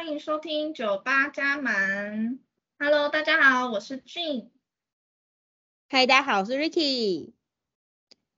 歡迎收聽九八加滿。Hello，大家好，我是俊。Hi，大家好，我是 Ricky。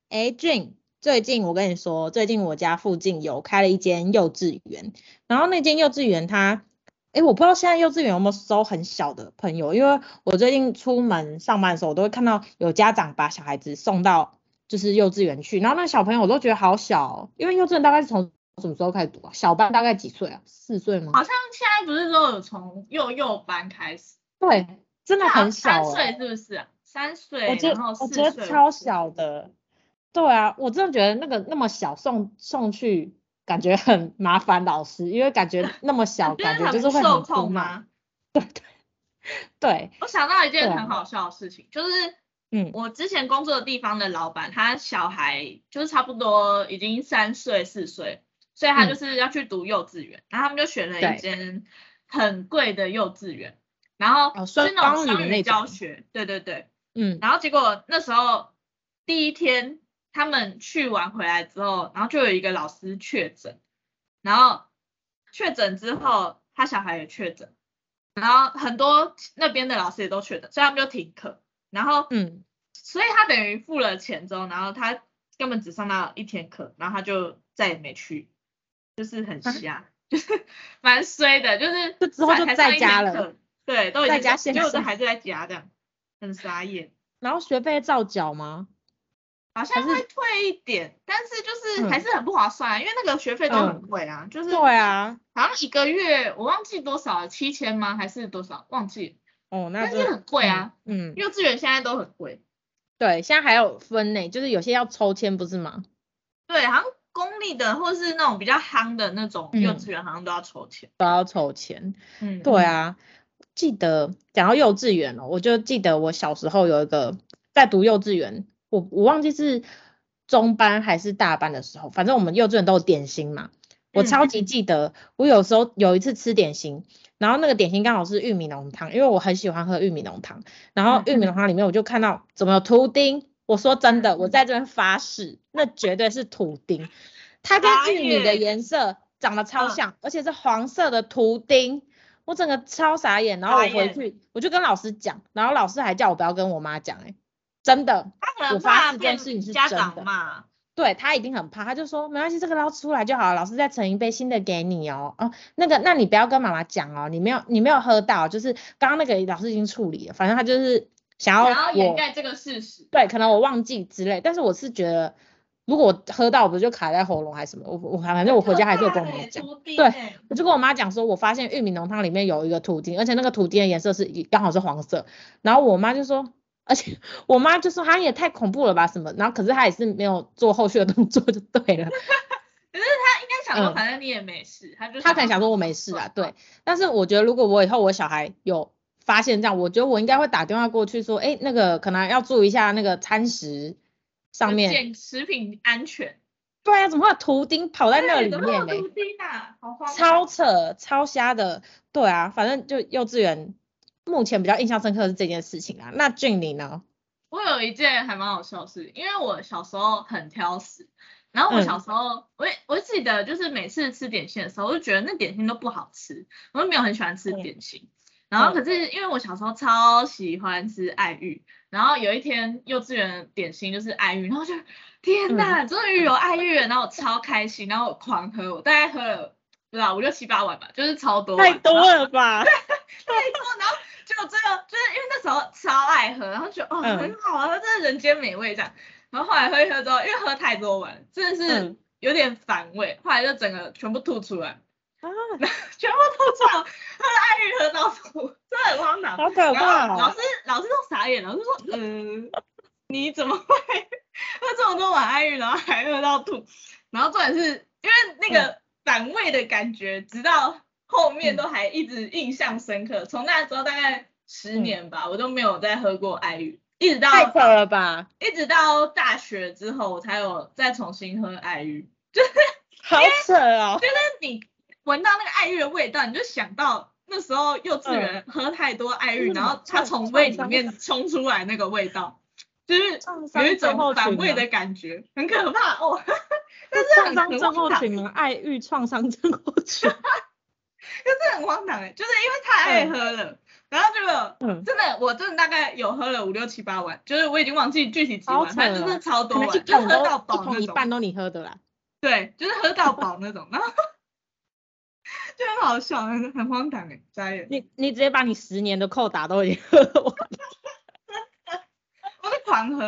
誒，俊，最近我跟你說，最近我家附近有開了一間幼稚園，然後那間幼稚園它，誒，我不知道現在幼稚園有沒有收很小的朋友，因為我最近出門上班的時候，我都會看到有家長把小孩子送到就是幼稚園去，然後那小朋友我都覺得好小，因為幼稚園大概是從什麼時候開始讀啊？小班大概幾歲啊？四歲嗎？好像現在不是都有從幼幼班開始？對，真的很小，欸，三歲是不是？啊？三歲，然後四歲，我覺得超小的。對啊，我真的覺得那個那麼小送送去，感覺很麻煩老師，因為感覺那麼小， 感覺就是會哭嗎？對對，對。我想到一件很好笑的事情，啊、就是嗯，我之前工作的地方的老闆，他小孩就是差不多已經三歲四歲。所以他就是要去讀幼稚園、嗯，然後他們就選了一間很貴的幼稚園，然後是、哦、那種英語教學，對對對，嗯，然後結果那時候第一天他們去完回來之後，然後就有一個老師確診，然後確診之後他小孩也確診，然後很多那邊的老師也都確診，所以他們就停課，然後嗯，所以他等於付了錢之後，然後他根本只上到一天課，然後他就再也沒去。就是很瞎，就是蠻衰的，就是就之後就在家了再加，對，都已經就都還是在家的，很傻眼。然後學費照繳嗎？好像會退一點，但是就是還是很不划算，嗯、因為那個學費都很貴啊、嗯，就是對啊，好像一個月我忘記多少了，七千嗎？還是多少？忘記哦那就，但是很貴啊，嗯，幼稚園現在都很貴。對，現在還有分類、欸，就是有些要抽籤不是嗎？對，好像。公立的或是那種比較夯的那種、嗯、幼稚園好像都要籌錢，都要籌錢、嗯。對啊。記得講到幼稚園哦、喔，我就記得我小時候有一個在讀幼稚園，我我忘記是中班還是大班的時候，反正我們幼稚園都有點心嘛。我超級記得，我有時候有一次吃點心，嗯、然後那個點心剛好是玉米濃湯，因為我很喜歡喝玉米濃湯。然後玉米濃湯裡面我就看到怎麼有圖釘。嗯嗯我說真的，我在這邊發誓，嗯、那絕對是圖釘，他跟玉米的顏色長得超像，而且是黃色的圖釘、嗯，我整個超傻眼。然後我回去，我就跟老師講，然後老師還叫我不要跟我媽講、欸，哎，真的他很怕，我發誓這件事情是真的家長嘛？對他一定很怕，他就說沒關係，這個撈出來就好了，老師再盛一杯新的給你哦。哦，那個，那你不要跟媽媽講哦，你沒有，你沒有喝到，就是剛剛那個老師已經處理了，反正他就是。想要，想要掩蓋這個事實，對，可能我忘記之類，但是我是覺得，如果我喝到，不就卡在喉嚨還是什麼？我我反正我回家還是有跟我媽講、欸，對，我就跟我媽講說，我發現玉米濃湯裡面有一個圖釘，而且那個圖釘的顏色是剛好是黃色。然後我媽就說，而且我媽就說，她也太恐怖了吧什麼？然後可是她也是沒有做後續的動作就對了。可是她應該想說，反正你也沒事，她、嗯、就想他想說我沒事啊對、嗯，對。但是我覺得如果我以後我小孩有。發現這樣，我覺得我應該會打電話過去說，哎，那個可能要注意一下那個餐食上面，食品安全。對啊，怎麼會有圖釘跑在那裡面呢、啊？超扯，超瞎的。對啊，反正就幼稚園，目前比較印象深刻的是這件事情啊。那俊你呢？我有一件還蠻好笑的事，因為我小時候很挑食，然後我小時候，嗯、我也我記得就是每次吃點心的時候，我就覺得那點心都不好吃，我又沒有很喜歡吃點心。嗯然後可是因為我小時候超喜歡吃愛玉，然後有一天幼稚園點心就是愛玉，然後就天吶，終於有愛玉了，然後我超開心，然後我狂喝，我大概喝了不知道五六七八碗吧，就是超多。太多了吧？太多，然後就最後就是因為那時候超愛喝，然後就覺得哦，很好啊，這人間美味這樣。然後後來喝一喝之後，因為喝太多碗，真的是有點反胃，後來就整個全部吐出來。 全部都喝，喝愛玉喝到吐，真的很荒唐，好可怕，哦。老師 老師都傻眼了，就說：“嗯、呃，你怎麼會喝這麼多碗愛玉，然後還喝到吐？然後重點是，因為那個反胃的感覺，嗯，直到後面都還一直印象深刻。從，嗯、那時候大概十年吧，嗯、我都沒有再喝過愛玉，一直到太扯了吧，一直到大學之後，我才有再重新喝愛玉，就是好扯啊，哦，就是你。”聞到那個愛玉的味道，你就想到那時候幼稚園喝太多愛玉，嗯、然後它從胃裡面衝出來那個味道，就是有一種反胃的感覺，很可怕哦。創傷症候群、啊，愛玉創傷症候群，就是很荒唐哎、嗯 欸，就是因為太愛喝了，嗯、然後這個、嗯，真的，我真的大概有喝了五六七八碗，就是我已經忘記具體幾碗，反正就是超多可是，就喝到飽一,一半都你喝的啦。對，就是喝到飽那種、嗯，然後。就很好笑，很很荒唐哎，你你直接把你十年的扣打到一個， 我是狂喝，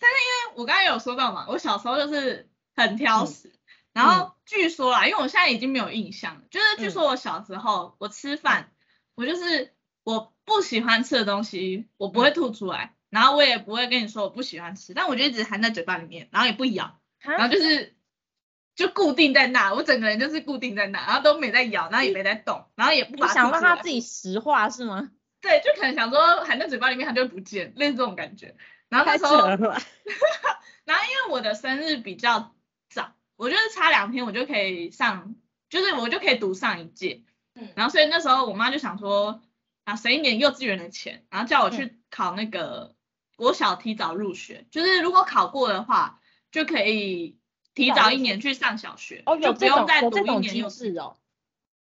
但是因為我剛才有說到嘛，我小時候就是很挑食，嗯、然後據說啊、嗯，因為我現在已經沒有印象，就是據說我小時候、嗯、我吃飯，我就是我不喜歡吃的東西，我不會吐出來、嗯，然後我也不會跟你說我不喜歡吃，但我就一直含在嘴巴裡面，然後也不咬，啊、然後就是。就固定在那，我整個人就是固定在那，然後都沒在咬，然後也沒在動，嗯、然後也不，不想讓它自己石化是嗎？對，就可能想說含在嘴巴裡面它就不見，類似這種感覺。然後他說， 然後因為我的生日比較早，我就是差兩天我就可以上，就是我就可以讀上一屆。嗯。然後所以那時候我媽就想說啊，省一點幼稚園的錢，然後叫我去考那個國小提早入學，就是如果考過的話就可以。提早一年去上小學，哦，有這種，就不用再讀一年，有這種機有這種機制哦，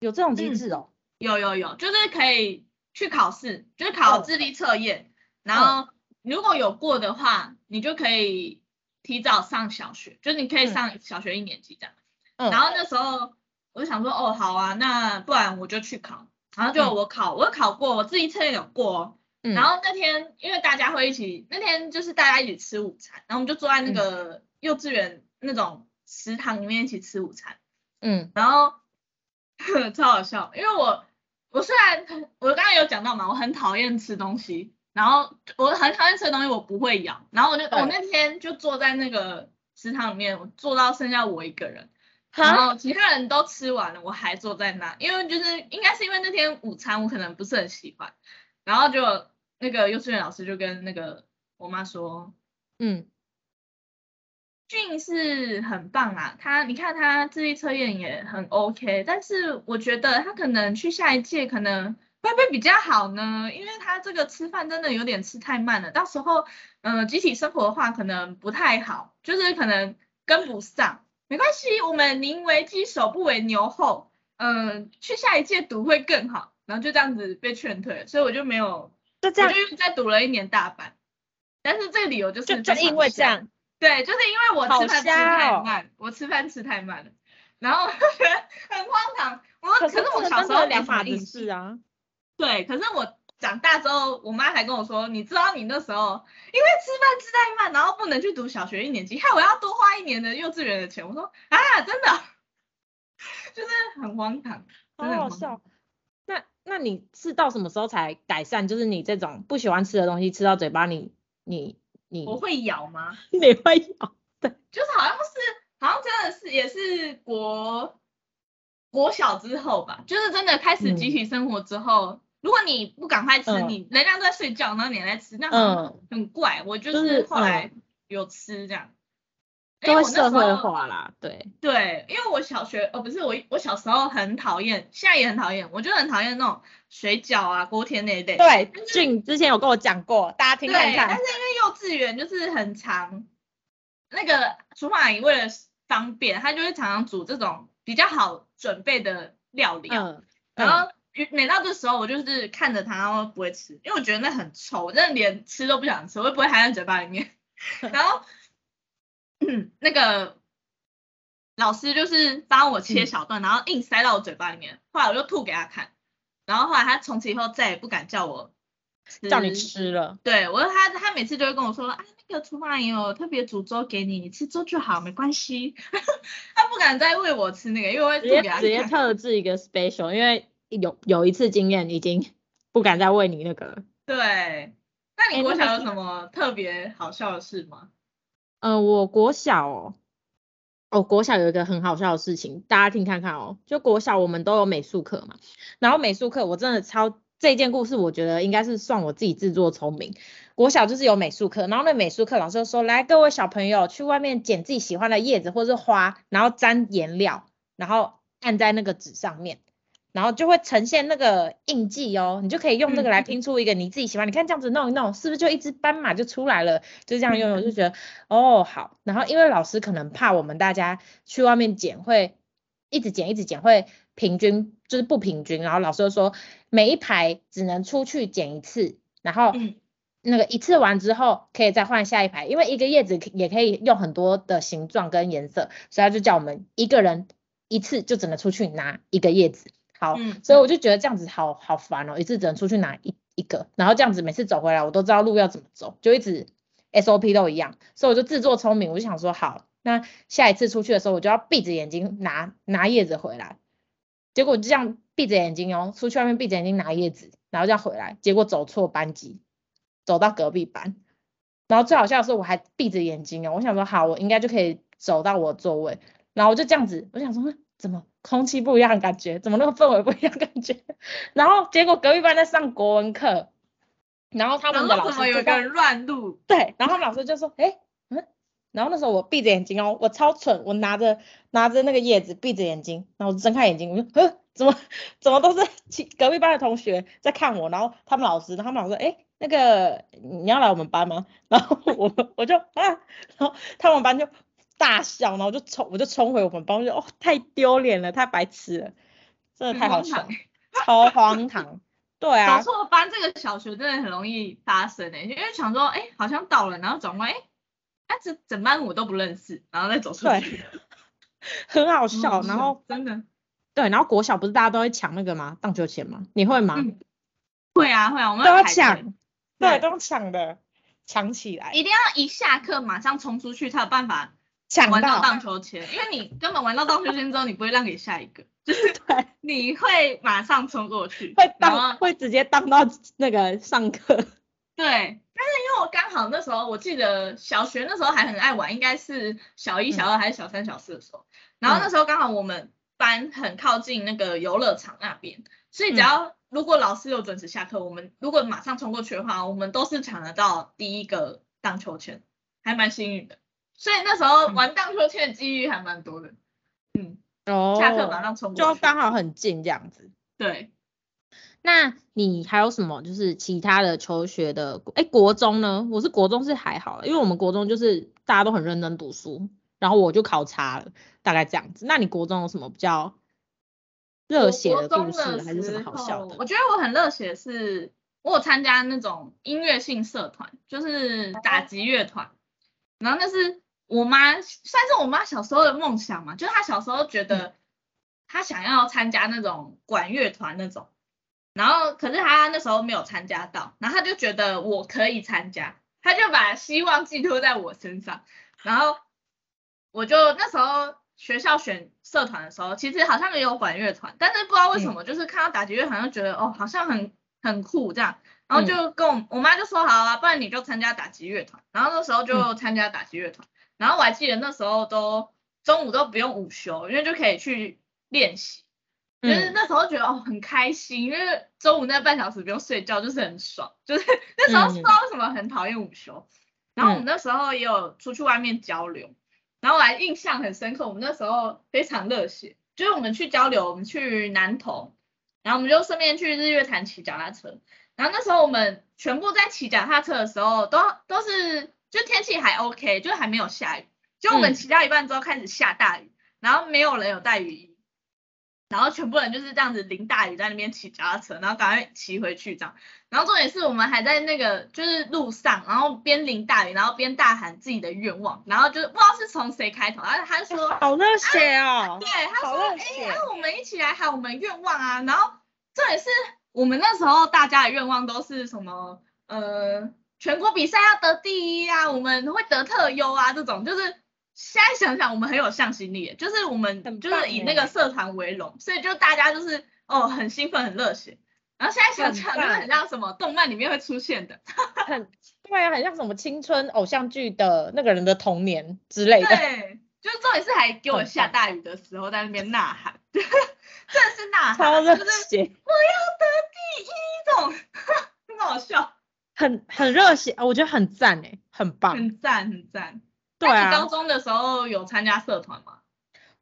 有這種機制哦、嗯，有有有，就是可以去考試，就是考智力測驗，哦、然後如果有過的話，你就可以提早上小學，嗯，就你可以上小學一年級這樣。然後那時候我就想說，哦好啊，那不然我就去考。然後就我考，嗯、我考過，我智力測驗有過。嗯、然後那天因為大家會一起，那天就是大家一起吃午餐，然後我們就坐在那個幼稚園那種。食堂裡面一起吃午餐，嗯，然後呵呵超好笑，因為我我雖然我剛剛有講到嘛，我很討厭吃東西，然後我很討厭吃的東西，我不會咬，然後我就、嗯、我那天就坐在那個食堂裡面，我坐到剩下我一個人，嗯、然後其他人都吃完了，我還坐在那，因為就是應該是因為那天午餐我可能不是很喜歡，然後就那個幼稚園老師就跟那個我媽說，嗯。俊是很棒啊，他你看他智力測驗也很 OK，但是我覺得他可能去下一屆可能會不會比較好呢？因為他這個吃飯真的有點吃太慢了，到時候嗯、呃、集體生活的話可能不太好，就是可能跟不上。沒關係，我們寧為雞首不為牛後，嗯、呃，去下一屆讀會更好，然後就這樣子被勸退，所以我就沒有就這樣，我就再讀了一年大班，但是這個理由就是就，就，就因為這樣。對，就是因為我吃飯吃太慢，哦、我吃飯吃太慢了，然後 很荒唐。我可是我小時候沒什麼力氣啊。對，可是我長大之後，我媽還跟我說，你知道你那時候因為吃飯吃太慢，然後不能去讀小學一年級，害我要多花一年的幼稚園的錢。我說啊，真的， 就是很荒唐，很好，好笑。那那你是到什麼時候才改善？就是你這種不喜歡吃的東西，吃到嘴巴裡你。你我會咬嗎？你會咬。對，就是好像是，好像真的是，也是國國小之後吧，就是真的開始集體生活之後，嗯、如果你不趕快吃、嗯，你人家都在睡覺，然後你還在吃，那很,、嗯、很怪。我就是後來有吃這樣。嗯嗯嗯都會社會化啦，對對，因為我小學哦，不是我，我小時候很討厭，現在也很討厭，我就很討厭那種水餃啊鍋貼那一類。對，俊之前有跟我講過，大家聽看一下。但是因為幼稚園就是很常，那個廚房阿姨為了方便，他就是常常煮這種比較好準備的料理，嗯，然後每到這時候我就是看着他然後不會吃，因為我覺得那很臭，我真的連吃都不想吃，我也不會含在嘴巴裡面，然後。 嗯，那個老師就是幫我切小段，嗯，然後硬塞到我嘴巴裡面，後來我就吐給他看，然後後來他從此以後再也不敢叫我叫你吃了。對，我說他他每次都會跟我說，啊那個廚房也有特別煮粥給你，你吃粥就好，沒關係。 他不敢再餵我吃那個，因為我會給他直接直接特製一個 special，因為有有一次經驗已經不敢再餵你那個了。對，那你國小有什麼特別好笑的事嗎？欸呃，我國小哦，哦，國小有一個很好笑的事情，大家聽看看哦。就國小我們都有美術課嘛，然後美術課我真的超這件故事，我覺得應該是算我自己自作聰明。國小就是有美術課，然後那美術課老師就說，來各位小朋友去外面撿自己喜歡的葉子或者是花，然後沾顏料，然後按在那個紙上面。然後就會呈現那個印記哦，你就可以用這個來拼出一個你自己喜歡，嗯。你看這樣子弄一弄，是不是就一隻斑馬就出來了？就這樣用，我就覺得哦，好。然後因為老師可能怕我們大家去外面剪會一直剪一直剪會平均就是不平均，然後老師就說，每一排只能出去剪一次，然後那個一次完之後可以再換下一排，因為一個葉子也可以用很多的形狀跟顏色，所以他就叫我們一個人一次就只能出去拿一個葉子。好，嗯，所以我就覺得這樣子好好煩哦，一次只能出去拿一一個，然後這樣子每次走回來我都知道路要怎麼走，就一直 SOP 都一樣，所以我就自作聰明，我就想說好，那下一次出去的時候我就要閉着眼睛拿拿葉子回來，結果我就這樣閉着眼睛哦，出去外面閉着眼睛拿葉子，然後就要回來，結果走錯班級，走到隔壁班，然後最好笑的是我還閉着眼睛哦，我想說好，我應該就可以走到我座位，然後我就這樣子，我想說怎麼？空氣不一樣，感覺怎麼那個氛圍不一樣感覺，然後結果隔壁班在上國文課，然後他們的老師有點亂入，對，然後老師就說，哎、欸，嗯，然後那時候我閉着眼睛哦，我超蠢，我拿着拿着那個葉子閉着眼睛，然後我睜開眼睛，我說，呵，怎麼怎麼都是隔隔壁班的同學在看我，然後他們老師，他們老師說，哎、欸，那個你要來我們班嗎？然後我我就啊，然後他們班就。大笑，然後我就衝，我就衝回我們班，我就哦，太丟臉了，太白痴了，真的太好笑，荒、欸，超荒唐。 對啊，找錯班這個小學真的很容易發生誒，因為想說，哎，好像到了，然後轉過，哎，哎，這整班我都不認識，然後再走出去，很好笑。嗯、然後真的，對，然後國小不是大家都會搶那個嗎？盪秋千嗎？你會嗎、嗯？會啊，會啊，我們都要搶對，對，都要搶的，搶起來，一定要一下課馬上衝出去才有辦法。搶到玩到盪秋千，因為你根本玩到盪秋千之後，你不會讓給下一個，就是對，你會馬上衝過去，會盪，會直接盪到那個上課。對，但是因為我剛好那時候，我記得小學那時候還很愛玩，應該是小一、小二還是小三、小四的時候。嗯，然後那時候剛好我們班很靠近那個遊樂場那邊，所以只要如果老師有準時下課，我們如果馬上衝過去的話，我們都是搶得到第一個盪秋千，還蠻幸運的。所以那時候玩盪秋千的機遇還蠻多的，嗯，哦、然後下課馬上衝，就剛好很近這樣子。對，那你還有什麼就是其他的求學的？哎、欸，國中呢？我是國中是還好，因為我們國中就是大家都很認真讀書，然後我就考差了，大概這樣子。那你國中有什麼比較熱血的故事的，還是什麼好笑的？我覺得我很熱血是，我有參加那種音樂性社團，就是打擊樂團，然後那是。我媽算是我媽小時候的夢想嘛，就是、她小時候覺得她想要參加那種管樂團那種，然後可是她那時候沒有參加到，然後她就覺得我可以參加，她就把希望寄託在我身上，然後我就那時候學校選社團的時候，其實好像沒有管樂團，但是不知道為什麼、嗯、就是看到打擊樂團就覺得哦，好像很很酷這樣，然後就跟我、嗯、我媽就說好了，不然你就參加打擊樂團，然後那時候就參加打擊樂團。嗯然後我還記得那時候都中午都不用午休，因為就可以去練習。嗯、就是那時候覺得哦很開心，因為中午那半小時不用睡覺，就是很爽。就是那時候不知道為什麼很討厭午休、嗯。然後我們那時候也有出去外面交流、嗯，然後我還印象很深刻，我們那時候非常熱血，就是我們去交流，我們去南投，然後我們就順便去日月潭騎腳踏車。然後那時候我們全部在騎腳踏車的時候，都都是。就天氣還 OK，就還沒有下雨，就我們騎到一半之後開始下大雨，嗯、然後沒有人有帶雨衣，然後全部人就是這樣子淋大雨在那邊騎腳踏車，然後趕快騎回去這樣。然後重點是我們還在那個就是路上，然後邊淋大雨，然後邊大喊自己的願望，然後就不知道是從誰開頭，然後他說、欸、好熱血、哦、啊，對，他說哎呀、欸啊、我們一起來喊我們願望啊，然後重點是我們那時候大家的願望都是什麼，呃。全國比賽要得第一啊，我們會得特優啊，這種就是現在想想我們很有向心力，就是我們就是以那個社團為榮，所以就大家就是哦很興奮很熱血，然後現在想想就很像什麼動漫裡面會出現的，很， 很對啊，很像什麼青春偶像劇的那個人的童年之類的，對，就是重點是還給我下大雨的時候在那邊吶喊， 真的是吶喊，超熱血，我、就是、要得第一這種，真的好笑。很很熱血，我覺得很讚哎，很棒，很讚很讚。對啊。啊你高中的時候有參加社團嗎？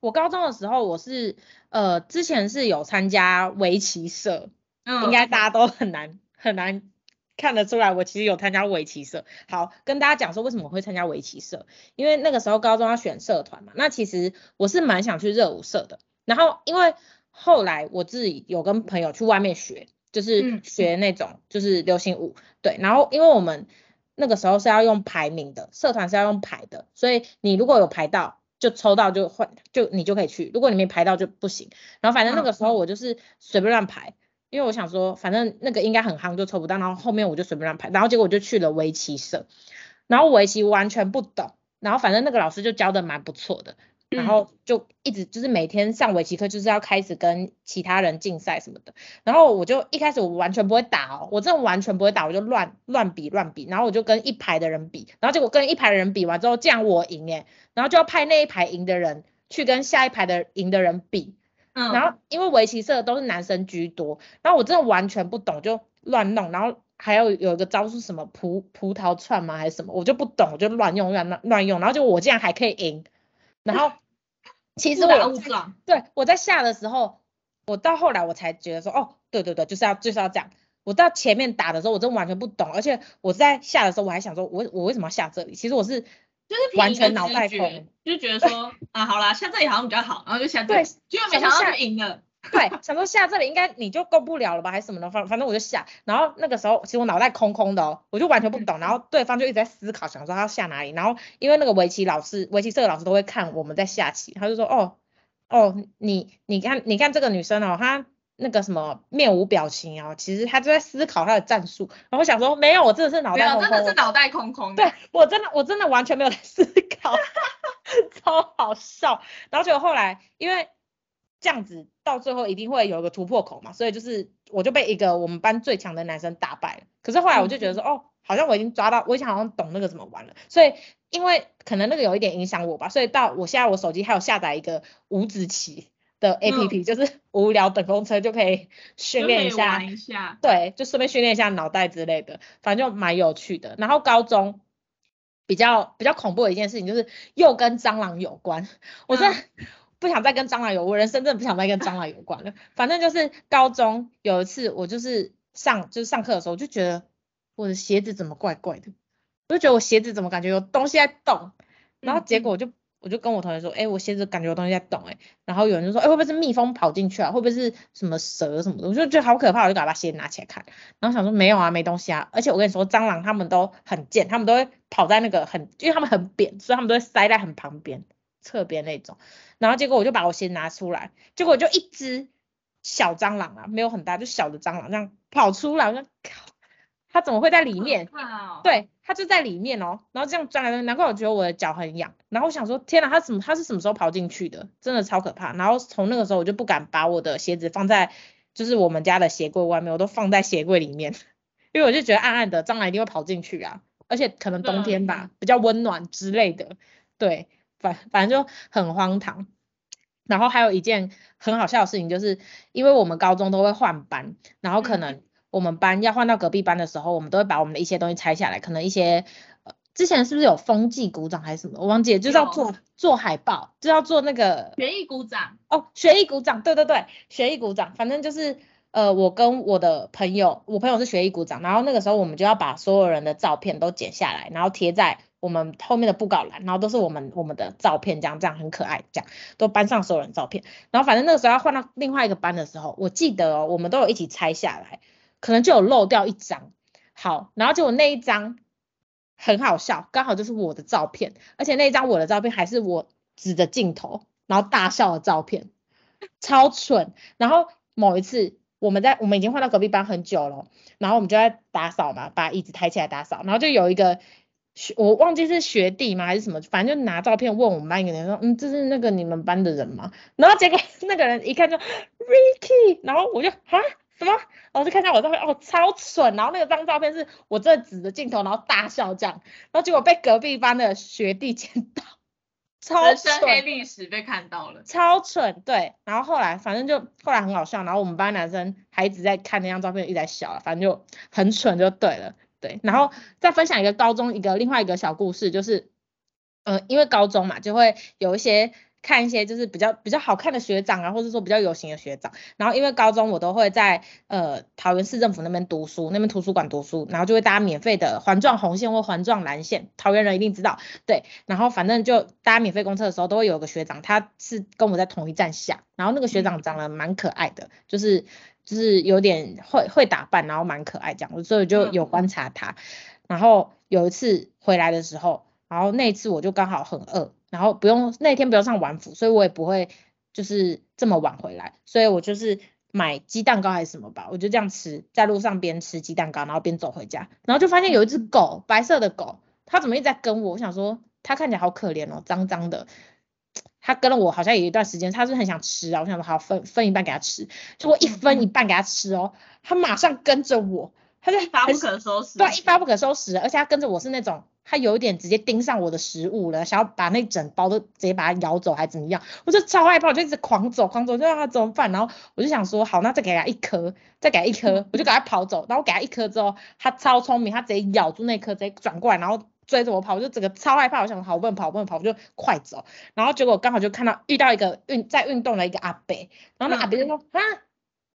我高中的時候，我是呃之前是有參加圍棋社，嗯、應該大家都很難很難看得出來，我其實有參加圍棋社。好，跟大家講說為什麼我會參加圍棋社，因為那個時候高中要選社團嘛，那其實我是蠻想去熱舞社的。然後因為後來我自己有跟朋友去外面學。就是學那種、嗯嗯、就是流行舞，對，然後因為我們那個時候是要用排名的，社團是要用排的，所以你如果有排到就抽到就換就你就可以去，如果你沒排到就不行。然後反正那個時候我就是隨便亂排、嗯，因為我想說反正那個應該很夯就抽不到，然後後面我就隨便亂排，然後結果我就去了圍棋社，然後圍棋完全不懂，然後反正那個老師就教得蠻不錯的。嗯、然後就一直就是每天上圍棋課，就是要開始跟其他人競賽什麼的。然後我就一開始我完全不會打哦，我真的完全不會打，我就亂亂比亂比。然後我就跟一排的人比，然後結果跟一排的人比完之後，這樣我贏耶。然後就要派那一排贏的人去跟下一排的贏的人比。然後因為圍棋社都是男生居多，然後我真的完全不懂就亂弄，然後還要有，有一個招數什麼葡葡萄串嘛還是什麼，我就不懂我就亂用亂亂用，然後就我竟然還可以贏，然後、嗯。嗯其實我打、啊、對我在下的時候，我到後來我才覺得說，哦，對對對，就是要就是要這樣。我到前面打的時候，我真完全不懂，而且我在下的時候，我還想說，我我為什麼要下這裡？其實我是就是完全腦袋空，就覺得說，啊，好啦，下這裡好像比較好，然後就下這裡，對結果沒想到就贏了。 對，想說下這裡應該你就夠不了了吧，還是什麼的，反反正我就下，然後那個時候其實我腦袋空空的哦，我就完全不懂，嗯、然後對方就一直在思考，想說他要下哪裡，然後因為那個圍棋老師，圍棋社的老師都會看我們在下棋，他就說，哦哦，你你看你看這個女生哦，她那個什麼面無表情哦，其實她就在思考她的戰術，然後我想說沒有，我真的是腦袋空空空，真的是腦袋空空的，對我真的我真的完全沒有在思考， 超好笑，然後結果後來因為。這樣子到最後一定會有一個突破口嘛，所以就是我就被一個我們班最強的男生打敗了。可是後來我就覺得說，嗯、哦，好像我已經抓到，我已經好像懂那個怎麼玩了。所以因為可能那個有一點影響我吧，所以到我現在我手機還有下載一個五子棋的 APP，嗯、就是無聊等公車就可以訓練一,一下，對，就順便訓練一下腦袋之類的，反正就蠻有趣的。然後高中比較比較恐怖的一件事情就是又跟蟑螂有關，嗯、我說不想再跟蟑螂有我人生真的不想再跟蟑螂有關了。反正就是高中有一次，我就是上就是上課的時候，就覺得我的鞋子怎麼怪怪的，我就覺得我鞋子怎麼感覺有東西在動。然後結果我就我就跟我同學說，欸，我鞋子感覺有東西在動欸。然後有人就說，欸，會不會是蜜蜂跑進去啊？會不會是什麼蛇什麼的？我就覺得好可怕，我就趕快把鞋子拿起來看。然後想說沒有啊，沒東西啊。而且我跟你說，蟑螂他們都很賤，他們都會跑在那個很，因為他們很扁，所以他們都會塞在很旁邊。側邊那種，然後結果我就把我鞋拿出來，結果就一隻小蟑螂啊，沒有很大，就小的蟑螂這樣跑出來，我說靠，它怎麼會在裡面？Wow. 對，它就在裡面哦。然後這樣鑽來鑽，難怪我覺得我的腳很癢。然後我想說，天哪，它什麼？它是什麼時候跑進去的？真的超可怕。然後從那個時候，我就不敢把我的鞋子放在就是我們家的鞋櫃外面，我都放在鞋櫃裡面，因為我就覺得暗暗的蟑螂一定會跑進去啊，而且可能冬天吧，Yeah. 比較溫暖之類的，對。反反正就很荒唐，然後還有一件很好笑的事情就是，因為我們高中都會換班，然後可能我們班要換到隔壁班的時候，我們都會把我們的一些東西拆下來，可能一些呃之前是不是有風紀股長還是什麼，我忘記，就是要做做海報，就要做那個學藝股長哦，學藝股長，對對對，學藝股長，反正就是呃我跟我的朋友，我朋友是學藝股長，然後那個時候我們就要把所有人的照片都剪下來，然後貼在。我們後面的布告欄，然後都是我們我們的照片，這樣這樣很可愛，這樣都班上所有人照片。然後反正那個時候要換到另外一個班的時候，我記得哦，我們都有一起拆下來，可能就有漏掉一張。好，然後就那一張很好笑，剛好就是我的照片，而且那一張我的照片還是我指着鏡頭然後大笑的照片，超蠢。然後某一次我們在我們已經換到隔壁班很久了，然後我們就在打掃嘛，把椅子抬起來打掃，然後就有一個。我忘記是學弟嗎還是什麼，反正就拿照片問我們班一個人說，嗯，這是那個你們班的人嗎？然後結果那個人一看就 Ricky，然後我就啊什麼，然後就看到我照片哦、oh，超蠢，然後那張照片是我這指着鏡頭然後大笑這樣，然後結果被隔壁班的學弟撿到，超蠢，黑歷史被看到了，超蠢。對，然後後來反正就後來很好笑，然後我們班男生還一直在看那張照片一直在笑，反正就很蠢就對了。對，然後再分享一個高中一個另外一個小故事，就是，呃，因為高中嘛，就會有一些看一些就是比較比較好看的學長啊，或者說比較有型的學長，然後因為高中我都會在呃桃園市政府那邊讀書，那邊圖書館讀書，然後就會搭免費的環狀紅線或環狀藍線，桃園人一定知道，對，然後反正就搭免費公車的時候，都會有一個學長，他是跟我在同一站下，然後那個學長長得蠻可愛的，嗯、就是。就是有點會會打扮，然後蠻可愛這樣，我所以就有觀察她。然後有一次回來的時候，然後那一次我就剛好很餓，然後不用那天不用上晚輔，所以我也不會就是這麼晚回來，所以我就是買雞蛋糕還是什麼吧，我就這樣吃，在路上邊吃雞蛋糕，然後邊走回家，然後就發現有一隻狗，白色的狗，它怎麼一直在跟我？我想說它看起來好可憐哦，髒髒的。他跟了我好像有一段時間，他是很想吃啊，我想說好分分一半給他吃，結果一分一半給他吃哦，他馬上跟着我，他就發不可收拾，對，一發不可收拾了，而且他跟着我是那種，他有一點直接盯上我的食物了，想要把那整包都直接把它咬走還怎麼樣，我就超害怕，我就一直狂走狂走，就讓他怎麼辦，然後我就想說好，那再給他一顆，再給他一顆，我就給他跑走，然後我給他一顆之後，他超聰明，他直接咬住那顆，直接轉過來，然後。追着我跑，我就整個超害怕，我想好我不能跑，我不能跑，我就快走。然後結果我剛好就看到遇到一個運在運動的一個阿伯，然後那阿伯就說啊、嗯，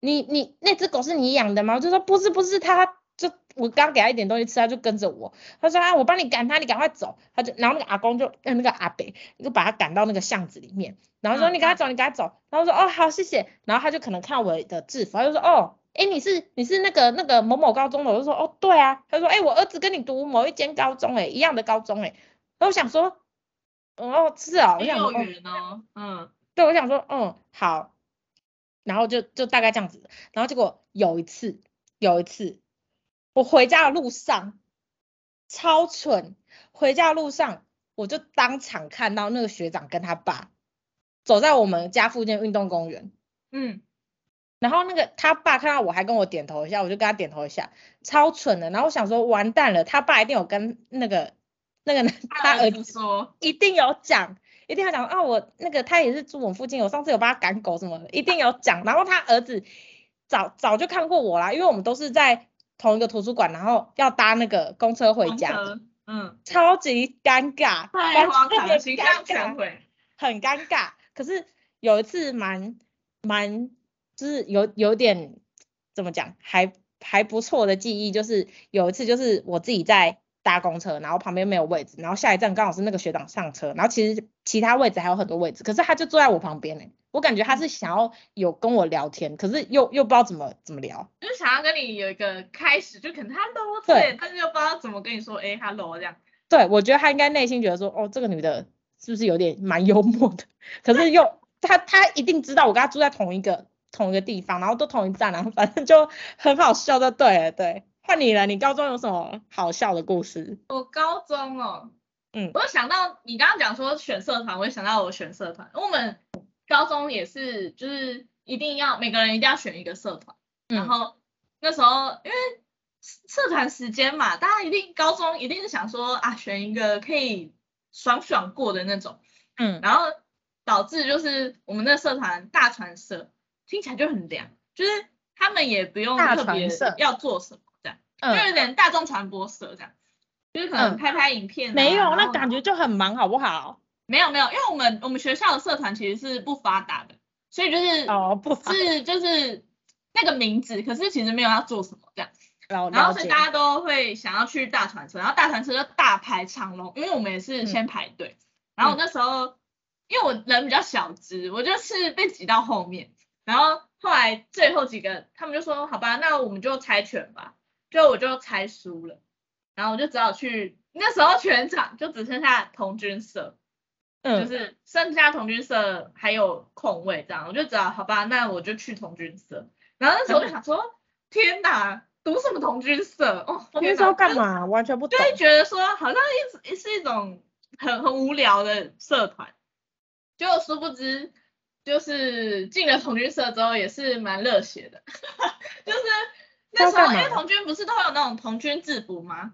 你你那只狗是你養的嗎？我就說不是不是，他就我剛給他一點東西吃，他就跟着我。他說啊，我幫你趕他，你趕快走。他就然後那個阿公就呃、嗯、那個阿伯就把他趕到那個巷子裡面，然後說、嗯嗯、你趕快走，你趕快走。然後說哦好謝謝。然後他就可能看我的制服，他就說哦。哎、欸，你是你是那個那個某某高中的？我就說哦，對啊。他說，哎、欸，我兒子跟你讀某一間高中、欸，哎，一樣的高中、欸，哎。然後我想說，嗯、哦，是啊、哦，我想某某的、欸哦，嗯，對，我想說，嗯，好。然後就就大概這樣子。然後結果有一次，有一次，我回家的路上，超蠢，回家的路上，我就當場看到那個學長跟他爸，走在我們家附近運動公園，嗯。然後那個他爸看到我還跟我點頭一下，我就跟他點頭一下，超蠢的。然後我想說完蛋了，他爸一定有跟那個那個他兒子說，一定有講，一定要講。啊，我那個他也是住我附近，我上次有幫他趕狗什麼的，一定有講。然後他兒子早早就看過我啦，因為我們都是在同一個圖書館，然後要搭那個公車回家，嗯，超級尷尬，太尷尬，尷尬，很尷尬。可是有一次蠻蠻。就是有有點怎麼講，還還不錯的記憶，就是有一次就是我自己在搭公車，然後旁邊沒有位置，然後下一站剛好是那個學長上車，然後其實其他位置還有很多位置，可是他就坐在我旁邊，哎，我感覺他是想要有跟我聊天，可是又又不知道怎麼怎麼聊，就是想要跟你有一個開始，就可能他 hello 對，但是又不知道怎麼跟你說，哎、欸、hello 這樣，對，我覺得他應該內心覺得說，哦，這個女的是不是有點蠻幽默的，可是又 他他一定知道我跟他住在同一個。同一個地方，然後都同一站，然後反正就很好笑的，對對。換你了，你高中有什麼好笑的故事？我高中哦，嗯，我想到你剛剛講說選社團，我也想到我選社團，因為我們高中也是就是一定要每個人一定要選一個社團。嗯，然後那時候因為社團時間嘛，大家一定高中一定是想說啊選一個可以爽爽過的那種，嗯，然後導致就是我們那社團大傳社，聽起來就很涼，就是他們也不用特別要做什麼，這樣、嗯、就有、是、點大眾傳播社這樣，就是可能拍拍影片、啊嗯。沒有，那感覺就很忙，好不好？沒有沒有，因為我們我們學校的社團其實是不發達的，所以就是哦不，是就是那個名字，可是其實沒有要做什麼這樣。然後所以大家都會想要去大傳社，然後大傳社就大排長龍，因為我們也是先排隊、嗯，然後我那時候因為我人比較小只，我就是被擠到後面。然後後來最後幾個，他們就說好吧，那我們就猜拳吧。最後我就猜輸了，然後我就只好去。那時候全場就只剩下童軍社，嗯，就是剩下童軍社還有空位這樣，我就只好好吧，那我就去童軍社。然後那時候我就想說、嗯，天哪，讀什麼童軍社哦？不知道幹嘛，完全不，對，覺得說好像一,一是一種很很無聊的社團，就殊不知。就是進了童軍社之後也是蠻熱血的， 就是那時候因為童軍不是都有那種童軍制服嗎？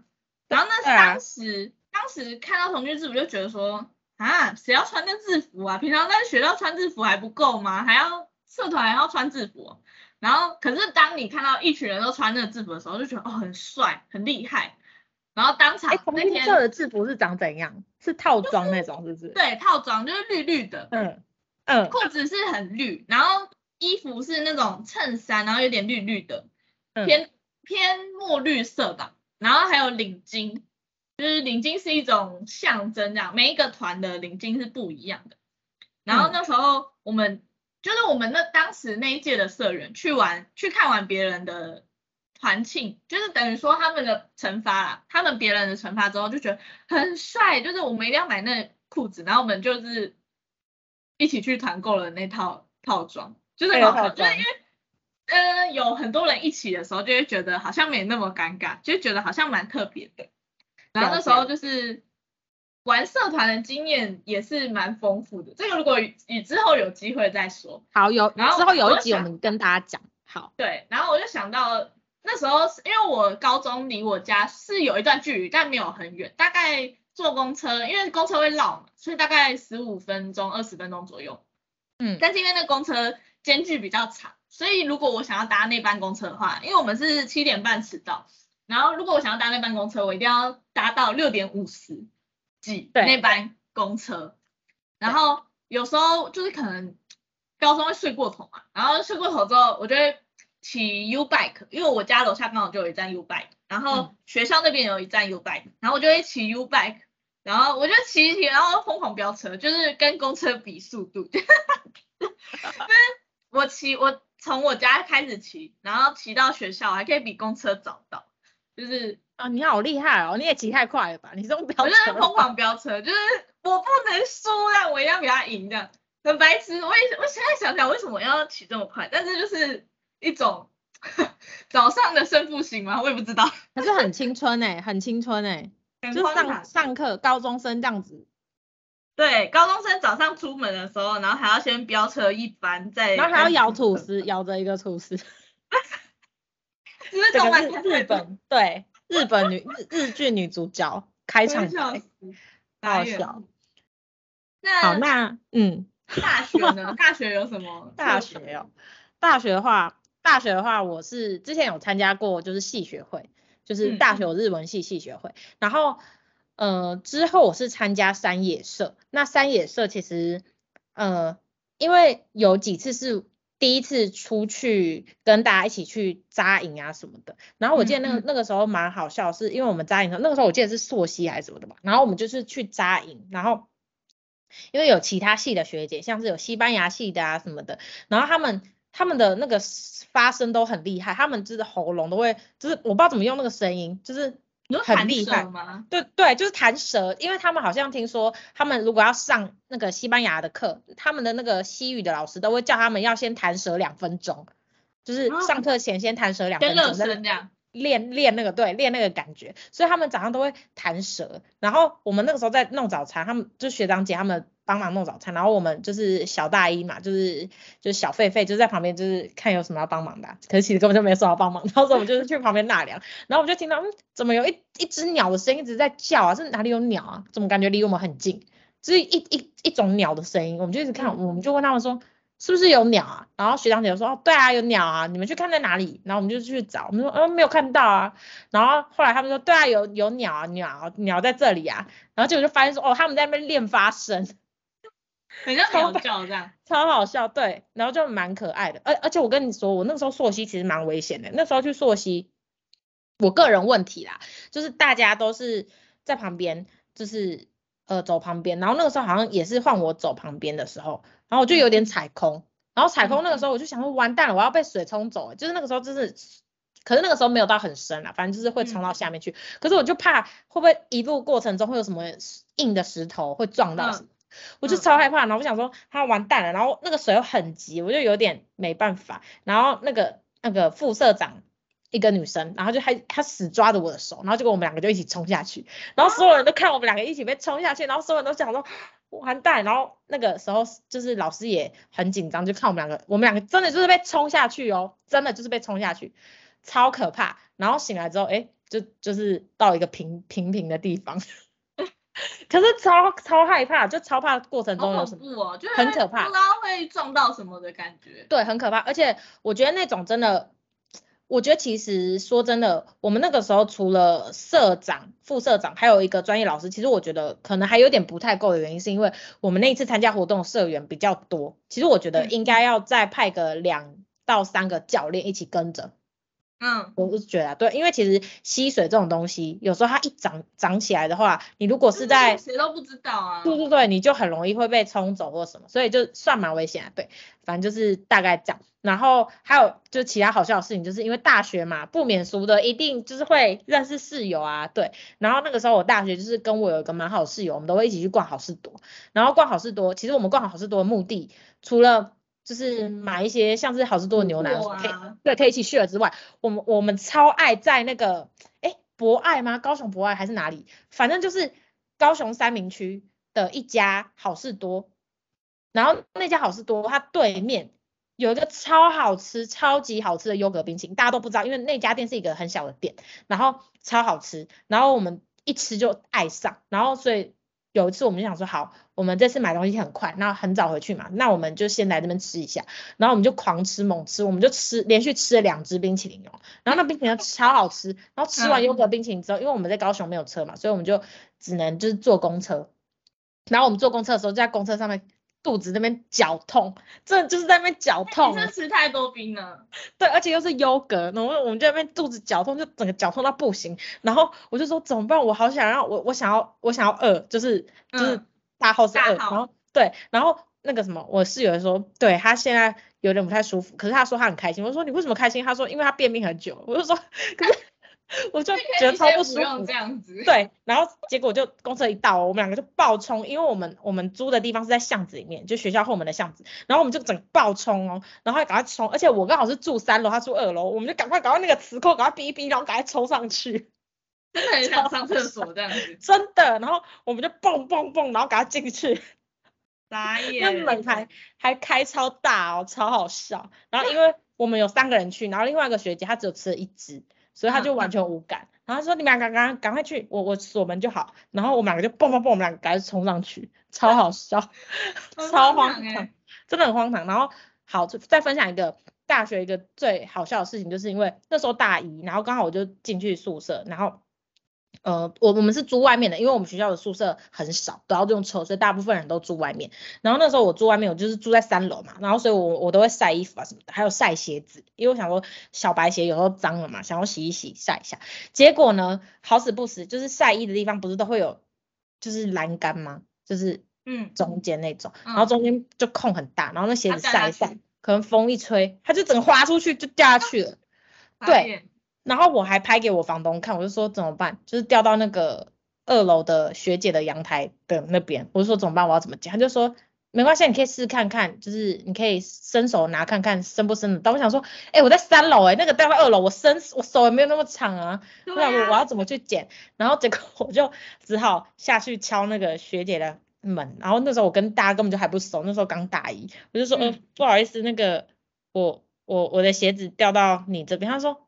然後那當時、啊、當時看到童軍制服就覺得說啊，誰要穿那制服啊？平常在學校穿制服還不夠嗎？還要社團還要穿制服，啊？然後可是當你看到一群人都穿那制服的時候，就覺得哦，很帥，很厲害。然後當場那天，欸、童軍社的制服是長怎樣？是套裝那種是不是？就是、對，套裝就是綠綠的，嗯。嗯，褲子是很綠，然後衣服是那種襯衫，然後有點綠綠的，偏偏墨綠色的，然後還有領巾，就是領巾是一種象徵，這樣每一個團的領巾是不一樣的。然後那時候我們就是我們那當時那一屆的社員去玩，去看完別人的團慶，就是等於說他們的懲罰啦，他們別人的成發之後就覺得很帥，就是我們一定要買那褲子，然後我們就是。一起去團購了那套套裝，就是，就是因為，呃，有很多人一起的時候，就會覺得好像沒那麼尷尬，就覺得好像蠻特別的。然後那時候就是玩社團的經驗也是蠻豐富的。這個如果與之後有機會再說。好，有，然後之後有一集我們跟大家講。好，對，然後我就想到那時候，因為我高中離我家是有一段距離，但沒有很遠，大概。坐公車，因為公車會繞嘛，所以大概十五分鐘、二十分鐘左右。嗯，但是因為那公車間距比較長，所以如果我想要搭那班公車的話，因為我們是七點半遲到，然後如果我想要搭那班公車，我一定要搭到六點五十幾對那班公車。然後有時候就是可能高中會睡過頭嘛，然後睡過頭之後，我覺得。騎 U bike，因為我家樓下剛好就有一站 U bike，然後學校那邊有一站 U bike，然後我就會騎 U bike，然後我就騎騎，然後瘋狂飆車，就是跟公車比速度，哈哈哈哈，就是我騎我從我家開始騎，然後騎到學校還可以比公車早到，就是啊、哦、你好厲害哦，你也騎太快了吧，你這種飆車，我瘋狂飆車，就是我不能輸啊，我一定要比他贏這樣，很白痴。我也我現在想想為什麼要騎這麼快，但是就是。一種早上的生負型嗎？我也不知道。可是很青春哎、欸，很青春哎、欸，就上上課高中生這樣子。對，高中生早上出門的時候，然後還要先飆車一在再。然後還要咬吐司、嗯，咬着一個吐司。 這種日日本 對日本女日日劇女主角開場。 好笑那好那嗯。大學呢？ 大學有什麼？大學哦，大學的話。大學的話，我是之前有參加過，就是系學會，就是大學有日文系系學會、嗯。然後，呃，之後我是參加山野社。那山野社其實，呃，因為有幾次是第一次出去跟大家一起去紮營啊什麼的。然後我記得那個、嗯、那個時候蠻好笑是，是因為我們紮營的那個時候我記得是溯溪還是什麼的嘛。然後我們就是去紮營，然後因為有其他系的學姐，像是有西班牙系的啊什麼的，然後他們。他們的那個發聲都很厲害，他們就是喉嚨都會，就是我不知道怎麼用那個聲音，就是很厲害。你說彈舌嗎？對對，就是彈舌，因為他們好像聽說，他們如果要上那個西班牙的課，他們的那個西語的老師都會叫他們要先彈舌兩分鐘，就是上課前先彈舌兩分鐘，練、哦、熱身這樣。練練那個，對，練那個感覺，所以他們早上都會彈舌。然後我們那個時候在弄早餐，他們就學長姐他們幫忙弄早餐，然後我們就是小大一嘛，就是就是小狒狒，就在旁邊就是看有什麼要幫忙的，可是其實根本就沒有什麼要幫忙。那時候我們就是去旁邊納涼，然後我們就聽到，嗯，怎麼有一一隻鳥的聲音一直在叫啊？這哪裡有鳥啊？怎麼感覺離我們很近？就是一一一種鳥的聲音，我們就一直看，我們就問他們說。是不是有鳥啊？然後學長姐說，哦，對啊，有鳥啊，你們去看在哪裡？然後我們就去找，我們說，哦、呃，沒有看到啊。然後後來他們說，對啊，有有鳥、啊、鳥鳥在這裡啊。然後結果就發現說，哦，他們在那邊練發聲，很像鳥叫這樣，超好笑，對，然後就蠻可愛的。而而且我跟你說，我那個時候溯溪其實蠻危險的，那時候去溯溪，我個人問題啦，就是大家都是在旁邊，就是。呃，走旁邊，然後那個時候好像也是換我走旁邊的時候，然後我就有點踩空，嗯、然後踩空那個時候我就想說，完蛋了，我要被水沖走，欸，就是那個時候就是，可是那個時候沒有到很深啊，反正就是會沖到下面去，嗯，可是我就怕會不會一路過程中會有什麼硬的石頭會撞到，嗯，我就超害怕，然後我想說，他，啊、完蛋了，然後那個水又很急，我就有點沒辦法，然後那個那個副社長。一個女生，然後就還她死抓着我的手，然後就跟我們兩個就一起衝下去，然後所有人都看我們兩個一起被衝下去，然後所有人都想說完蛋，然後那個時候就是老師也很緊張，就看我們兩個，我們兩個真的就是被衝下去哦，真的就是被衝下去，超可怕。然後醒來之後，哎，就就是到一個平平平的地方， 可是超超害怕，就超怕的過程中有什麼很可怕，哦、不知道會撞到什麼的感覺。對，很可怕，而且我覺得那種真的。我覺得其實說真的，我們那個時候除了社長、副社長，還有一個專業老師，其實我覺得可能還有點不太夠的原因，是因為我們那一次參加活動社員比較多。其實我覺得應該要再派個兩到三個教練一起跟着。嗯，我是覺得、啊、對，因為其實溪水這種東西，有時候它一漲漲起來的話，你如果是在誰都不知道啊，對對對，你就很容易會被沖走或什麼，所以就算蠻危險的、啊，對，反正就是大概這樣。然後還有就其他好笑的事情，就是因為大學嘛，不免俗的一定就是會認識室友啊，對。然後那個時候我大學就是跟我有一個蠻好的室友，我們都會一起去逛好市多。然後逛好市多，其實我們逛好好市多的目的，除了就是買一些像這些好事多的牛奶、嗯啊，可以對，可以一起 share 之外，我們我們超愛在那個哎博愛嗎？高雄博愛還是哪裡？反正就是高雄三民區的一家好事多，然後那家好事多它對面有一個超好吃、超級好吃的優格冰淇淋，大家都不知道，因為那家店是一個很小的店，然後超好吃，然後我們一吃就愛上，然後所以。有一次我們就想說，好，我們這次買東西很快，那很早回去嘛，那我們就先來這邊吃一下，然後我們就狂吃猛吃，我們就吃連續吃了兩支冰淇淋哦，然後那冰淇淋超好吃，然後吃完優格冰淇淋之後，因為我們在高雄沒有車嘛，所以我們就只能就是坐公車，然後我們坐公車的時候就在公車上面。肚子那邊絞痛，真的就是在那邊絞痛。欸、你是不是吃太多冰了？對，而且又是優格。然後我們這邊肚子絞痛，就整個絞痛到不行。然後我就說怎麼辦？我好想讓我我想要我想要餓，就是、嗯、就是大號是餓。大號，然後。對，然後那個什麼，我室友說，對，他現在有點不太舒服，可是他說他很開心。我說你為什麼開心？他說因為他便秘很久。我就說可是。 我就覺得超不舒服，對，然後結果就公車一到喔，我們兩個就暴衝，因為我們我們租的地方是在巷子裡面，就學校後門的巷子，然後我們就整個暴衝哦，然後還趕快衝，而且我剛好是住三樓，他住二樓，我們就趕快搞那個磁扣，趕快逼一逼，然後趕快衝上去，真的很像上廁所這樣子， 真的，然後我們就蹦蹦蹦，然後趕快進去，傻眼，門還還開超大喔，超好笑，然後因為我們有三個人去，然後另外一個學姐她只有吃了一隻。所以他就完全無感，嗯嗯、然後說，你們倆趕趕趕快去，我我鎖門就好。然後我們兩個就蹦蹦蹦，我們兩個趕緊衝上去，超好笑， 超荒唐， 超荒唐 真的很荒唐。然後好再分享一個大學一個最好笑的事情，就是因為那時候大一，然後剛好我就進去宿舍，然後。呃，我我們是租外面的，因為我們學校的宿舍很少，都要用車，所以大部分人都住外面。然後那時候我住外面，我就是住在三樓嘛，然後所以我我都會曬衣服啊什麼的，還有曬鞋子，因為我想說小白鞋有時候髒了嘛，想要洗一洗曬一下。結果呢，好死不死，就是曬衣的地方不是都會有就是欄杆嗎？就是嗯中間那種、嗯嗯，然後中間就空很大，然後那鞋子曬一曬，可能風一吹，它就整個滑出去就掉下去了。對。然後我還拍給我房東看，我就說怎麼辦，就是掉到那個二樓的學姐的陽台的那邊，我就說怎麼辦，我要怎麼撿？他就說沒關係，你可以試試看看，就是你可以伸手拿看看伸不伸的。但我想說，哎、欸，我在三樓，誒那個掉到二樓，我伸我手也沒有那麼長啊，啊我我要怎麼去撿？然後結果我就只好下去敲那個學姐的門。然後那時候我跟大家根本就還不熟，那時候剛大一，我就說，嗯、呃，不好意思，那個我我我的鞋子掉到你這邊。他說。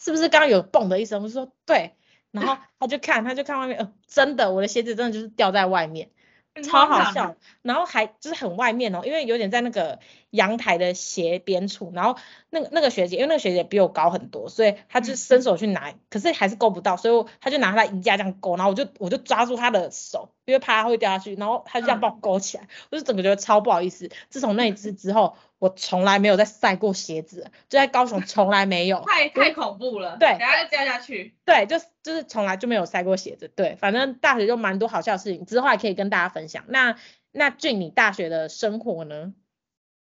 是不是剛剛有“蹦”的一聲？我就說對，然後他就看，他就看外面，哦、呃，真的，我的鞋子真的就是掉在外面，超好笑。嗯啊然後還就是很外面哦，因為有點在那個陽台的斜邊處，然後那個那個學姐，因為那個學姐比我高很多，所以她就伸手去拿，嗯、可是還是夠不到，所以她就拿她衣架這樣勾，然後我就我就抓住她的手，因為怕她會掉下去，然後她就這樣把我勾起來，我就整個覺得超不好意思。自從那一次之後、嗯，我從來沒有再曬過鞋子，就在高雄從來沒有，太太恐怖了。對，然後就掉下去。對，就是、就是從來就沒有曬過鞋子。對，反正大學就蠻多好笑的事情，之後還可以跟大家分享。那。那進你大學的生活呢？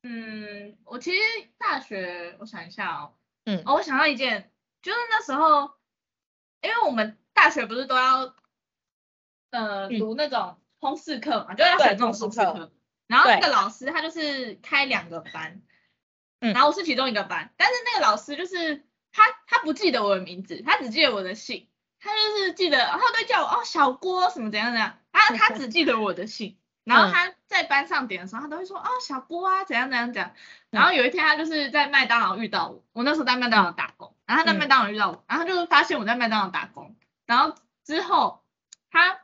嗯，我其實大學，我想一下哦，嗯哦，我想到一件，就是那時候，因為我們大學不是都要，呃，嗯、讀那種通識課嘛，就是、要選這種通識課，然後那個老師他就是開兩個班，然後我是其中一個班，嗯、但是那個老師就是他他不記得我的名字，他只記得我的姓，他就是記得，然、哦、後他叫我哦小郭什麼怎樣怎樣。啊他，他只記得我的姓。 然後他在班上點的時候，嗯、他都會說啊、哦、小波啊怎樣怎樣怎樣。然後有一天他就是在麥當勞遇到我，我那時候在麥當勞打工。然後他在麥當勞遇到我，嗯、然後他就發現我在麥當勞打工。然後之後他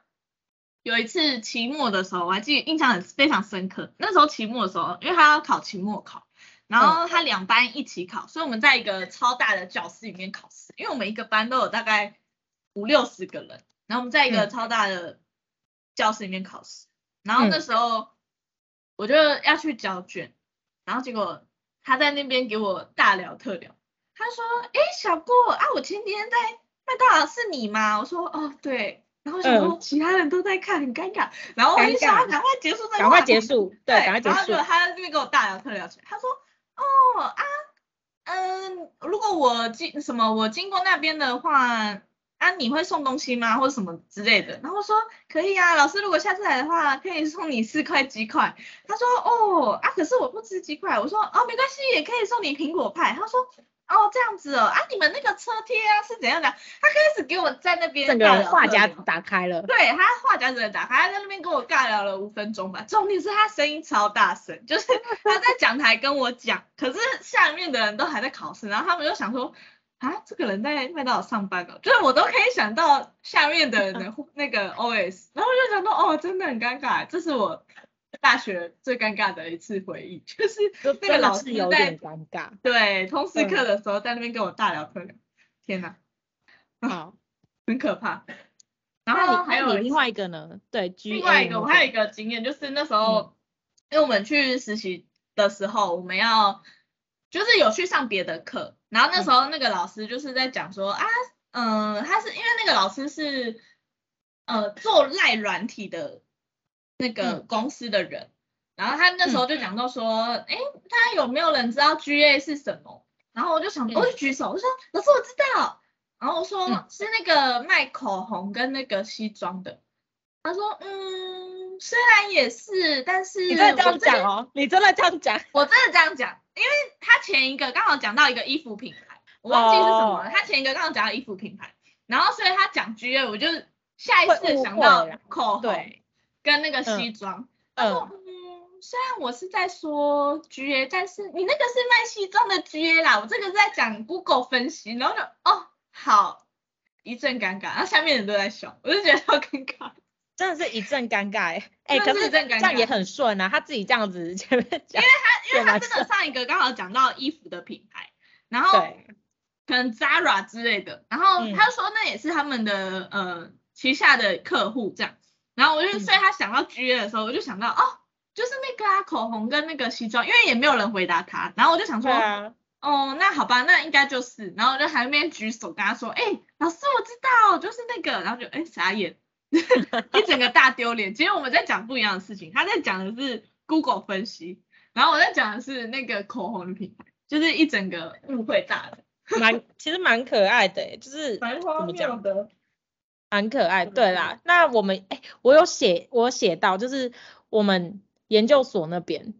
有一次期末的時候，我還記印象很非常深刻。那時候期末的時候，因為他要考期末考，然後他兩班一起考，所以我們在一個超大的教室裡面考試，因為我們一個班都有大概五六十個人，然後我們在一個超大的教室裡面考試。嗯嗯然後那時候我就要去交卷，嗯，然後結果他在那邊給我大聊特聊。他說：“哎，小郭啊，我今天在麥當勞是你嗎？”我說：“哦，對。”然後想說、呃、其他人都在看，很尷尬。尷尬，然後我就想，啊，趕快結束個，趕快結束，對，對趕快結束。”然後結果他在那邊給我大聊特聊起來。他說：“哦啊，嗯，如果我經什麼，我經過那邊的話。”啊，你會送東西嗎，或者什麼之類的？然後說可以啊，老師如果下次來的話，可以送你四塊雞塊。他說哦啊，可是我不吃雞塊。我說哦，沒關係，也可以送你蘋果派。他說哦這樣子哦啊，你們那個車貼啊是怎樣的？他開始給我在那邊整個人話匣子打開了，對他話匣子打開，他在那邊跟我尬聊了五分鐘吧。重點是他聲音超大聲，就是他在講台跟我講， 可是下面的人都還在考試，然後他們就想說。啊，這個人在麥當勞上班哦，就是我都可以想到下面的那那個 OS 然後我就想到哦，真的很尷尬，這是我大學最尷尬的一次回憶，就是那個老師在老師有點尷尬，對，通識課的時候在那邊跟我大聊特聊，嗯，天哪，啊、嗯嗯，很可怕。然後還有另外一個呢，對，另外一個我還有一個經驗，就是那時候、嗯、因為我們去實習的時候，我們要。就是有去上別的課，然後那時候那個老師就是在講說啊，嗯，啊呃、他是因為那個老師是呃做賴軟體的那個公司的人，嗯、然後他那時候就講到說，哎、嗯，他有沒有人知道 GA 是什麼？然後我就想，我、嗯、就、哦、舉手，我說老師我知道，然後我說、嗯、是那個賣口紅跟那個西裝的，他說嗯。雖然也是，但是你在這樣講哦，你真的這樣講？哦，我真的這樣講，因為他前一個剛好講到一個衣服品牌，我忘記是什麼了，oh. 他前一個剛好講到衣服品牌，然後所以他講 G A，我就下意識想到口紅，跟那個西裝。啊，嗯，雖然我是在說 G A，但是你那個是賣西裝的 G A 啦，我這個是在講 Google 分析，然後就哦，好一陣尷尬，然後下面人都在笑，我就覺得好尷尬。真的是一陣尷尬、欸，哎、欸，可是這樣也很順啊，他自己這樣子前面，因為他，因為他真的上一個剛好講到衣服的品牌，然後可能 Zara 之類的，然後他說那也是他們的呃旗下的客戶這樣，然後我就、嗯、所以他想要 G A 的時候，我就想到、嗯、哦，就是那個啊口紅跟那個西裝，因為也沒有人回答他，然後我就想說，啊、哦那好吧那應該就是，然後我就還沒舉手跟他說，哎、欸、老師我知道就是那個，然後就哎、欸、傻眼。 一整個大丟臉，其實我們在講不一樣的事情，他在講的是 Google 分析，然後我在講的是那個口紅的品牌，就是一整個誤會大的。蠻 其實蠻可愛的，就是怎麼講的，蠻可愛， 對啦，那我們哎、欸，我有寫我寫到就是我們研究所那邊、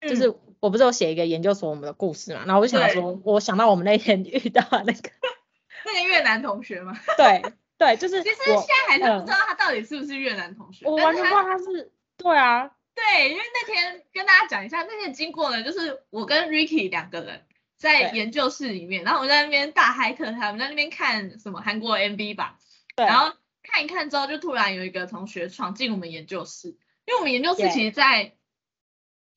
嗯，就是我不是有寫一個研究所我們的故事嘛，然後我就想說，我想到我們那天遇到那個 那個越南同學嘛， 對。對，就是其實現在還很不知道他到底是不是越南同學，我、嗯、他我完全不知道他是。對啊。對，因為那天跟大家講一下那天經過呢，就是我跟 Ricky 兩個人在研究室裡面，然後我在那邊大嗨特嗨，我們在那邊看什麼韓國 MV 吧。對。然後看一看之後，就突然有一個同學闖進我們研究室，因為我們研究室其實在。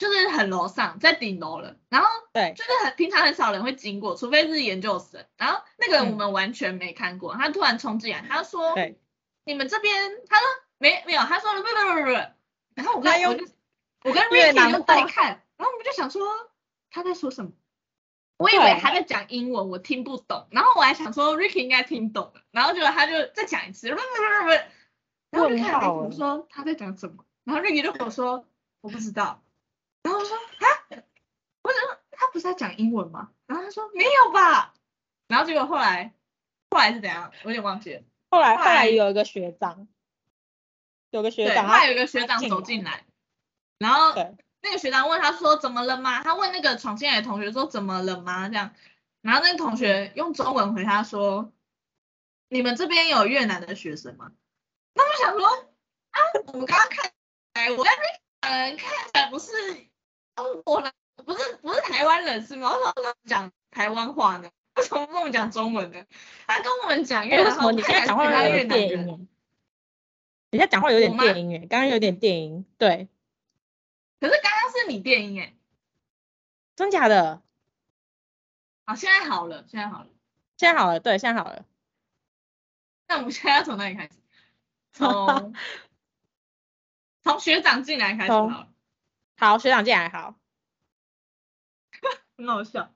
就是很樓上，在頂樓了，然後對，就是很平常很少人會經過，除非是研究生。然後那個人我們完全沒看過，嗯、他突然衝進來，他說，對你們這邊，他說沒有沒有，他說不不，不不不不。然後我跟我又，我跟 Ricky 就在看然，然後我們就想說他在說什麼，我以為他在講英文，我聽不懂，然後我還想說 Ricky 應該聽懂了，然後結果他就再講一次，不不不不，然後就看，我就說他在講什麼，然後 Ricky 就跟我說我不知道。然後我說啊，我說他不是在講英文嗎？然後他說沒有吧。然後結果後來，後來是怎樣？我有點忘記了。後來，後來有一個學長，有個學長，他還有一個學長走進來，然後那個學長問他說怎麼了嗎？他問那個闖進來的同學說怎麼了嗎？這樣，然後那個同學用中文回他說，你們這邊有越南的學生嗎？那我想說啊，我們剛剛看起來，我們嗯看起來不是。我不是不是臺灣人是嗎？為什麼講臺灣話呢？為什麼不跟我們講中文呢？他跟我們講、欸，為什麼你現在講話有點電音？你在講話有點電音耶、欸，剛剛有點電音，對。可是剛剛是你電音耶、欸？真假的？好、啊，現在好了，現在好了，現在好了，對，現在好了。那我們現在要從哪裡開始？從從 學長進來開始好，學長進來好， 很好笑。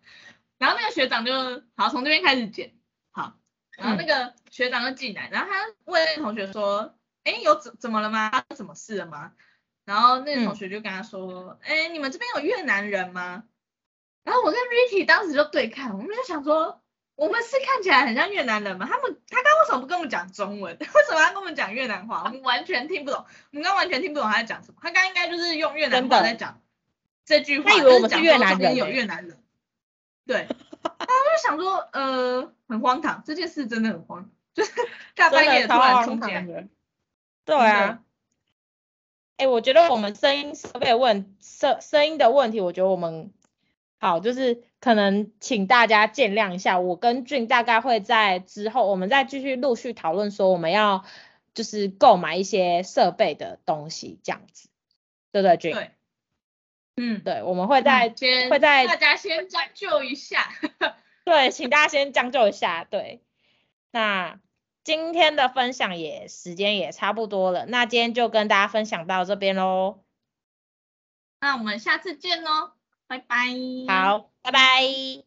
然後那個學長就好，從這邊開始剪，好。然後那個學長就進來，然後他問那個同學說：“哎、欸，有怎怎麼了嗎？發生什麼事了嗎？”然後那個同學就跟他說：“哎、嗯欸，你們這邊有越南人嗎？”然後我跟 Ricky 當時就對看，我們就想說。我們是看起來很像越南人嗎？他們他剛為什麼不跟我們講中文？為什麼要跟我們講越南話？我們完全聽不懂。我們剛完全聽不懂他在講什麼。他剛剛應該就是用越南話在講這句話。他以為我們是越南人，有越南人。對, 對，他就想說，呃，很荒唐，這件事真的很荒，就是大半夜突然衝進來。對啊。哎，我覺得我們聲音設備問聲聲音的問題，我覺得我們好就是。可能請大家見諒一下，我跟俊大概會在之後，我們再繼續陸續討論說我們要就是購買一些設備的東西這樣子，對不對，俊？對。Gin? 嗯，對，我們會在先、嗯、會在，先會在大家先將就一下， 對，請大家先將就一下，對。那今天的分享也時間也差不多了，那今天就跟大家分享到這邊嘍，那我們下次見嘍。拜拜。好，拜拜。